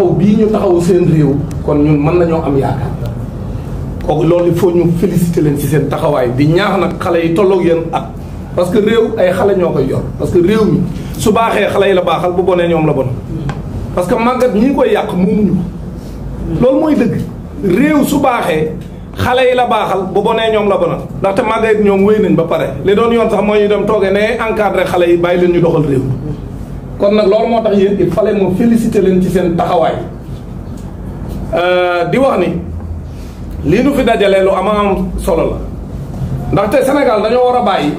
taxaw bii ñu taxaw seen réew kon ñun mën nañoo am yaakaar kooku loolu il faut ñu féliciter leen ci seen taxawaay bi ñaax nag xale yi tolloog yéen ak parce que réew ay xale ñoo koy yor parce que réew mi su baaxee xale yi la baaxal bu bonee ñoom la bon parce que màggat ñi koy yàq moomuñu ko loolu mooy dëgg réew su baaxee xale yi la baaxal bu bonee ñoom la bonal ndaxte màggat ñoom wéy nañ ba pare li doon yoon sax mooy ñu dem toogee ne encadré xale yi bàyyi leen ñu doxal réew kon nag loolu moo tax yéen il fallait moo féliciter leen ci seen taxawaay euh, di wax ni lii nu fi dajalee lu am am solo la ndaxte Sénégal dañoo war a bàyyi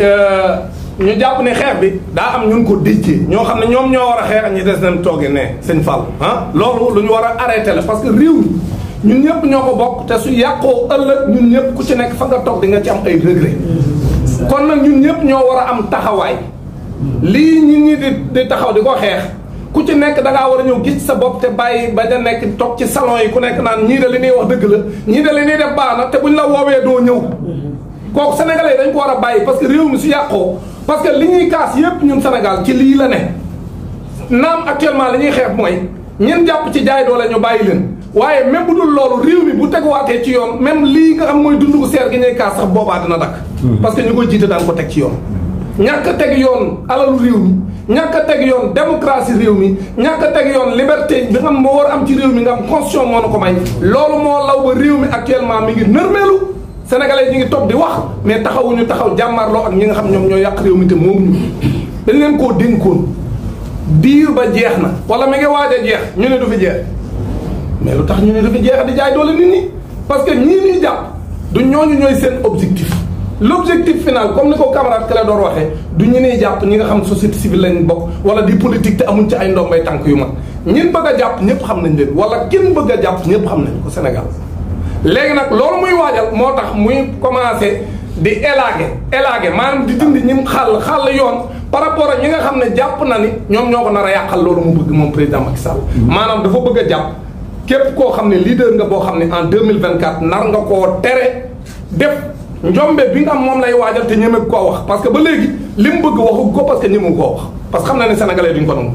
euh, ñu jàpp ne xeex bi daa am ñun ko déjjee ñoo xam ne ñoom ñoo war a xeex ñi des nañ toogee ne sëñ Fall ah loolu lu ñu war a arrêté la parce que réew ñun ñëpp ñoo ko bokk te su yàqoo ëllëg ñun ñëpp ku si nekk fa nga toog di nga ci am ay regret mm-hmm. kon nag ñun ñépp ñoo war a am taxawaay lii nit ñi di di taxaw di ko xeex ku ci nekk da war a ñëw gis sa bopp te bàyyi ba a nekk toog ci salon yi ku nekk naan ñii de li ñuy wax dëgg la ñii de li ñuy def baax na te buñ la woowee doo ñëw. kooku sénégalais dañ ko war a bàyyi parce que réew mi su yàqoo parce que li ñuy kaas yépp ñun senegal ci lii la ne naam actuellement li ñuy xeex mooy ñun jàpp ci jaay doole ñu bàyyi leen. waaye même bu dul loolu réew mi bu teguwaatee ci yoon même lii nga xam mooy dundu seer gi ñuy kaas sax boobaa dina dakk hmm. parce que ñu koy jiite ko teg ci yoon. ñàkk teg yoon alalu réew mi ñàkk teg yoon démocratie réew mi ñàkk a teg yoon liberté bi xam moo war am ci réew mi nga am constitution moo na ko may loolu moo law ba réew mi actuellement mi ngi nërmeelu sénégalais ñi ngi toog di wax mais taxawuñu taxaw jàmmarloo ak ñi nga xam ñoom ñoo yàq réew mi te moomuñu dañ leen koo dénkoon diir ba jeex na wala mi ngi waaj a jeex ñu ne du fi jeex mais lu tax ñu ne du fi jeex di jaay doole nit ñi parce que ñii ñuy jàpp du ñooñu ñooy seen objectif l' objectif comme ni ko camarade Clédor waxee du ñu nee jàpp ñi nga xam société civile lañ bokk wala di politique te amuñ ci ay ndombay tànk yu mag ñin bëgg a jàpp ñëpp xam nañ leen wala kenn bëgg a jàpp ñëpp xam nañ ko Sénégal. léegi nag loolu muy waajal moo tax muy commencé di élaguer élaguer maanaam di dindi ñim xaal xàll yoon par rapport a ñi nga xam ne jàpp na ni ñoom ñoo ko na a yàqal loolu mu bëgg moom président Macky Sall. Mm-hmm. maanaam dafa bëgg a jàpp. képp koo xam ne leader nga boo xam ne en 2024 nar nga koo tere def. njombe bi nga am moom lay waajal te ñeme koo wax parce que ba léegi li mu bëgg waxu ko parce que ñeme koo wax parce que xam na ne sénégalais duñ ko nangu.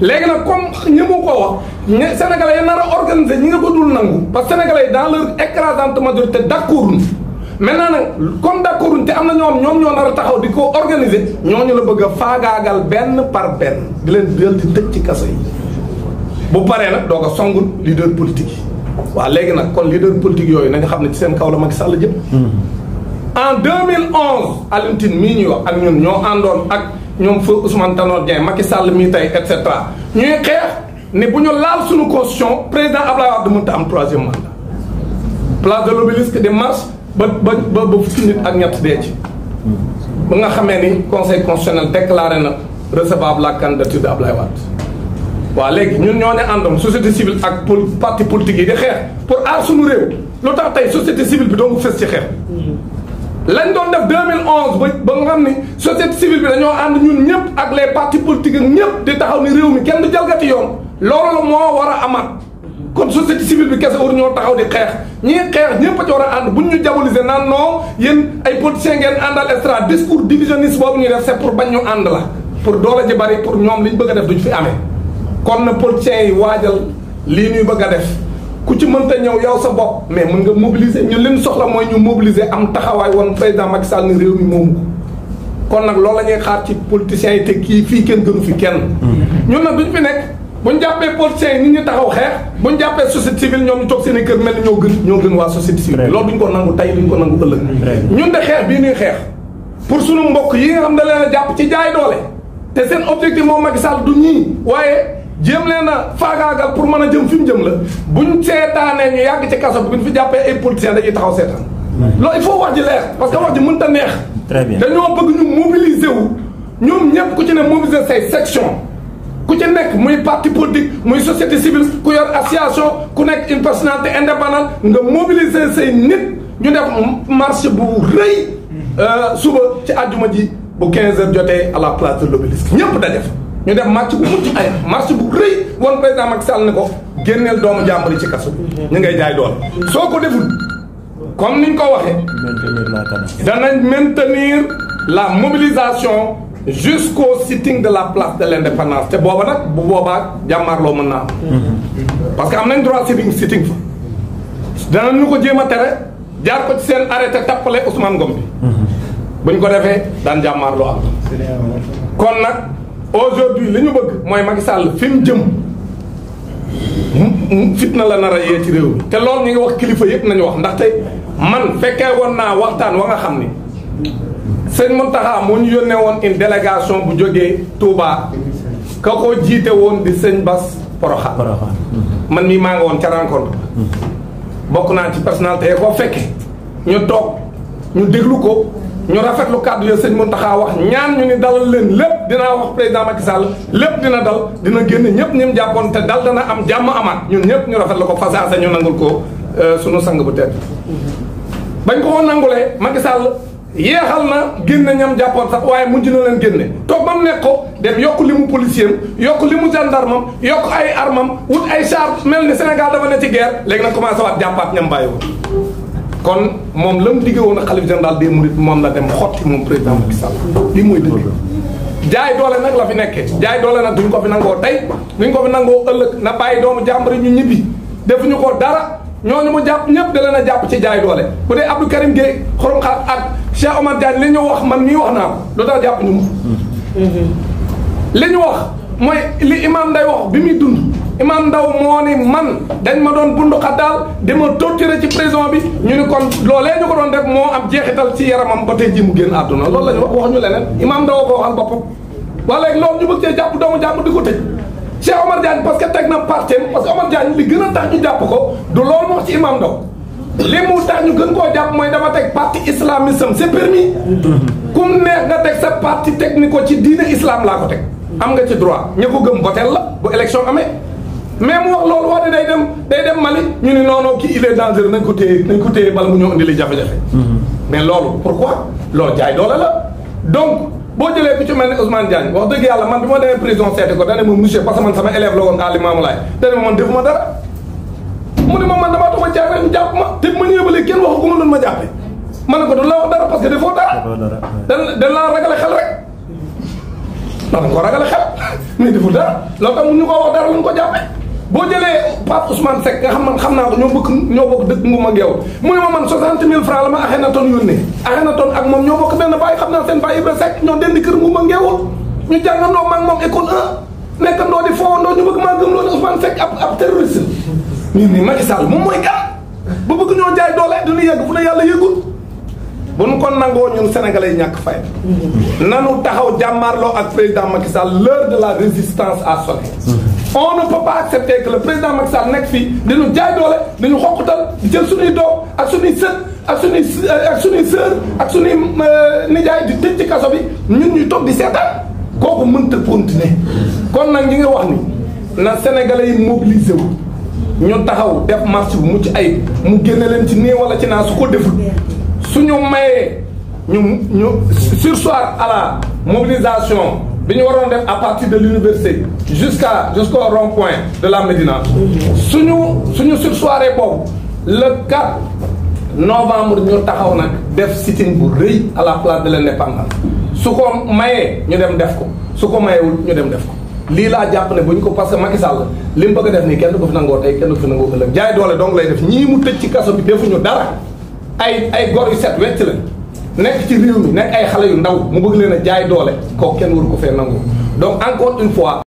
léegi nag comme ñeme koo wax ñi nga ko dul nangu parce dans leur écrasante majorité d'accord maintenant nag comme d'accord te am na ñoom ñoom ñoo nar a taxaw di ko ñoo ñu la bëgg a faagaagal benn par benn di leen jël tëj ci kaso yi. bu paree nag doo ko songul leader politique yi waaw léegi nag kon leader politique yooyu nanga xam ne ci seen kaw la Macky Sall jëm. Hmm. en 2011 Alioune Tine wax ak ñun ñoo àndoon ak ñoom feu Ousmane Tanor Dieng Macky Sall mi tay et cetera ñuy xeex ne bu ñu laal suñu constitution président abdoulaye Wade mënta am troisième mandat place de l'Obélisque di marche ba ba ba ba nit ak ñett dee ci ba nga xamee ni conseil constitutionnel déclaré na recevable la candidature de Ablaye Wade waaw léegi ñun ñoo ne àndoon société civile ak parti politique yi di xeex pour aar suñu réew lu tax tey société civile bi doo ko fës ci xeex lañ doon def 2011 ba ba nga xam ni société civile bi dañoo ànd ñun ñëpp ak les partis politiques ak ñëpp di taxaw ni réew mi kenn jalgati yoon loolu la moo war a amaat kon société civile bi kese war ñoo taxaw di xeex ñii xeex ñëpp a ci war a ànd buñ ñu diaboliser naan non yéen ay politiciens ngeen àndal extra discours divisionniste boobu ñuy def c'est pour bañ ñu ànd la pour doole ji bari pour ñoom liñ bëgg a def duñ fi amee kon na politiciens yi waajal lii ñuy bëgg a def ku ci mënta ñëw yow sa bopp mais mën nga mobiliser ñun lim soxla mooy ñu mobiliser am taxawaay woon président Macky Sall ni réew mi moomu ko kon nag loolu la ñuy xaar ci politiciens yi te kii fii kenn gënu fi kenn. ñun nag duñ fi nekk ñu jàppee politiciens yi nit ñu taxaw xeex ñu jàppee société civile ñoom ñu toog seen i kër mel ni ñoo gën ñoo gën waa société civile. loolu duñ ko nangu tey duñ ko nangu ëllëg. ñun de xeex bii ñuy xeex pour sunu mbokk yi nga xam ne leen jàpp ci jaay doole te seen objectif moom Macky Sall du ñii waaye jéem leen a pour mën a jëm fi jëm la buñ seetaanee ñu yag ci kasso buñ fi jappé ay politiciens dañuy taxaw seetaan. lo il faut wax ji leer parce que wax ji ta neex. très bien dañoo bëgg ñu mobiliser wu ñoom ñëpp ku ci ne mobiliser say section ku ci nekk muy parti politique muy société civile ku yor association ku nekk une personnalité indépendante nga mobiliser say nit ñu def marche bu rëy euh, suba ci àjjuma ji bu 15 heures jotee à la place de l'obélisque ñëpp daje fa ñu def marche bu mucc ay marche bu rëy woon président Macky Sall ne ko génneel doomu jàmbali ci kaso ñu ngay jaay doon soo ko deful comme niñ ko waxee danañ maintenir la mobilisation jusqu'au sitting de la place de l'indépendance te booba nag bu boobaa jàmmaarloo mën naa mm-hmm. parce que am nañ droit sitting sitting fa danañu ko jéem a tere jaar ko ci seen arrêté tappale Ousmane Ngom bi mm-hmm. buñ ko defee dan jàmmaarloo am kon nag aujourd'hui li ñu bëgg mooy Macky Sall fi mu jëm hmm? Hmm? fitna la nar yee ci réew mi te loolu ñu ngi wax kilifa yëpp nañu wax ndaxte man fekkee woon naa waxtaan wa nga xam ni sëñ Mountakha moo ñu yónnee woon une délégation bu jógee Touba ka ko jiite woon di sëñ bas Porokhane man mii maa nga woon ca rencontre hmm. bokk naa ci personnalité ko fekke ñu toog ñu déglu ko ñu rafetlu kàddu ya sëñ Mountakha wax ñaan ñu ni dalal leen lépp dinaa wax président Macky Sall lépp dina dal dina génn ñëpp ñim jàppoon te dal dana am jàmm amaat ñun ñëpp ñu rafetlu ko fasaasa ñu nangul ko euh, sunu sang bu tedd bañ ko ko nangulee Macky Sall yeexal na génne ñam jàppoon sax waaye mu na leen génne toog ba mu nekk ko dem yokk li mu policier am yokk li mu gendarme am yokk ay armam wut ay char mel ni Sénégal dafa ne ci guerre léegi nag commencé waat jàppaat ñam bàyyi kon moom la mu diggee woon ak xalif général des mourides moom la dem xotti moom président Macky Sall lii mooy dëgg jaay doole nag la fi nekkee jaay doole nag duñ ko fi nangoo tey duñ ko fi nangoo ëllëg na bàyyi doomu jàmbari ñu ñibbi defuñu ko dara ñooñu mu jàpp ñëpp da leen a jàpp ci jaay doole bu dee Abdou Karim Gueye xorom xaat ak Cheikh Omar Diagne li ñu wax man mii wax naa ko lu tax jàpp ñu mu mm-hmm. li ñu wax mooy li imam nday wax bi muy dund imam ndaw moo ni man dañ ma doon bundu daal di ma torturer ci prison bi ñu ni kon loolee ñu ko doon def moo am jeexital ci yaramam ba tey ji mu génn àdduna lool la ñu wax waxuñu leneen imam ndaw ko waxal boppam wala léegi loolu ñu bëgg cee jàpp doomu jàmm di ko tëj Cheikh Omar Diagne parce teg na partem parce que Omar Diagne li gën a tax ñu jàpp ko du loolu moo ci imam ndaw li mu tax ñu gën koo jàpp mooy dafa teg parti islamisme c'est permis kum neex nga teg sa parti teg ni ko ci diine islam laa ko am nga ci droit ña ko gëm la bu élection même wax lool wadé day dem day dem mali ñu ni nono ki il est dangereux nañ ko téyé nañ ko téyé bal mu ñu andi li jafé jafé mhm. mais lool pourquoi lo jaay doole la donc bo jëlé bi ci melni Ousmane Diagne wax deug yalla man bima démé prison sété ko dañé mo monsieur parce que man sama élève la won Ali lay dané mo man defuma dara mu ni mo man dama tuma jaay ñu japp ma té ma ñëbalé kenn waxu ko ma ma jappé man ko do la wax dara parce que defo dara dan dan la ragalé xel rek dañ ko ragalé xel mais defu dara lo tax mu ñu ko wax dara lu ko jappé boo jëlee Pape Ousmane Seck nga xam man xam naa ko ñoo bokk ñoo bokk dëkk Ngum ak yow mu ne ma man 60 000 francs la ma Akhenaton yónnee Akhenaton ak moom ñoo bokk benn baay xam naa seen baay Ibra Seck ñoo dend kër Ngum ak yow ñu jàngandoo ma ak moom école 1 nekkandoo di fowandoo ñu bëgg maa gëm loolu Ousmane Seck ab ab terroriste ñun ni Macky Sall moom mooy kan ba bëgg ñoo jaay doole du ñu yegg fu ne yàlla yëgul bu ñu ko nangoo ñun sénégalais ñàkk fay. nanu taxaw jàmmaarloo ak président Macky Sall de la résistance a sonné. on ne peut pas accepter que président Macky Sall nekk fii di ñu jaay doole di ñu xokkutal di jël suñuy doom ak suñuy sët ak suñuy euh, ak suñuy sœur ak suñuy euh, nijaay di tëj ci kaso bi ñun ñuy toog di seetaan kooku mënta continuer. kon nag ñi nga wax ni na sénégalais yi mobiliser wu ñu taxaw def marche mucc ayib mu génne leen ci nii wala ci su ko deful. suñu mayee ñu ñu sursoir à la mobilisation bi ñu waroon def à partir de l'université jusqu'à jusqu'au rond-point de la Médina suñu suñu sursoiré boobu le 4 novembre ñu taxaw nag def sit bu rëy à la place de l'indépendance su ko mayee ñu dem def ko su ko mayewul ñu dem def ko lii laa jàpp ne bu ñu ko parce que Macky Sall li mu bëgg a def nii kenn du ko fi nangoo tey kenn du ko fi nangoo ëllëg jaay doole donc lay def ñii mu tëj ci kaso bi ñu dara ay ay gor yu set wecc la nekk ci réew mi nekk ay xale yu ndaw mu bëgg leen a jaay doole kooku kenn waru ko fee nangu donc encore une fois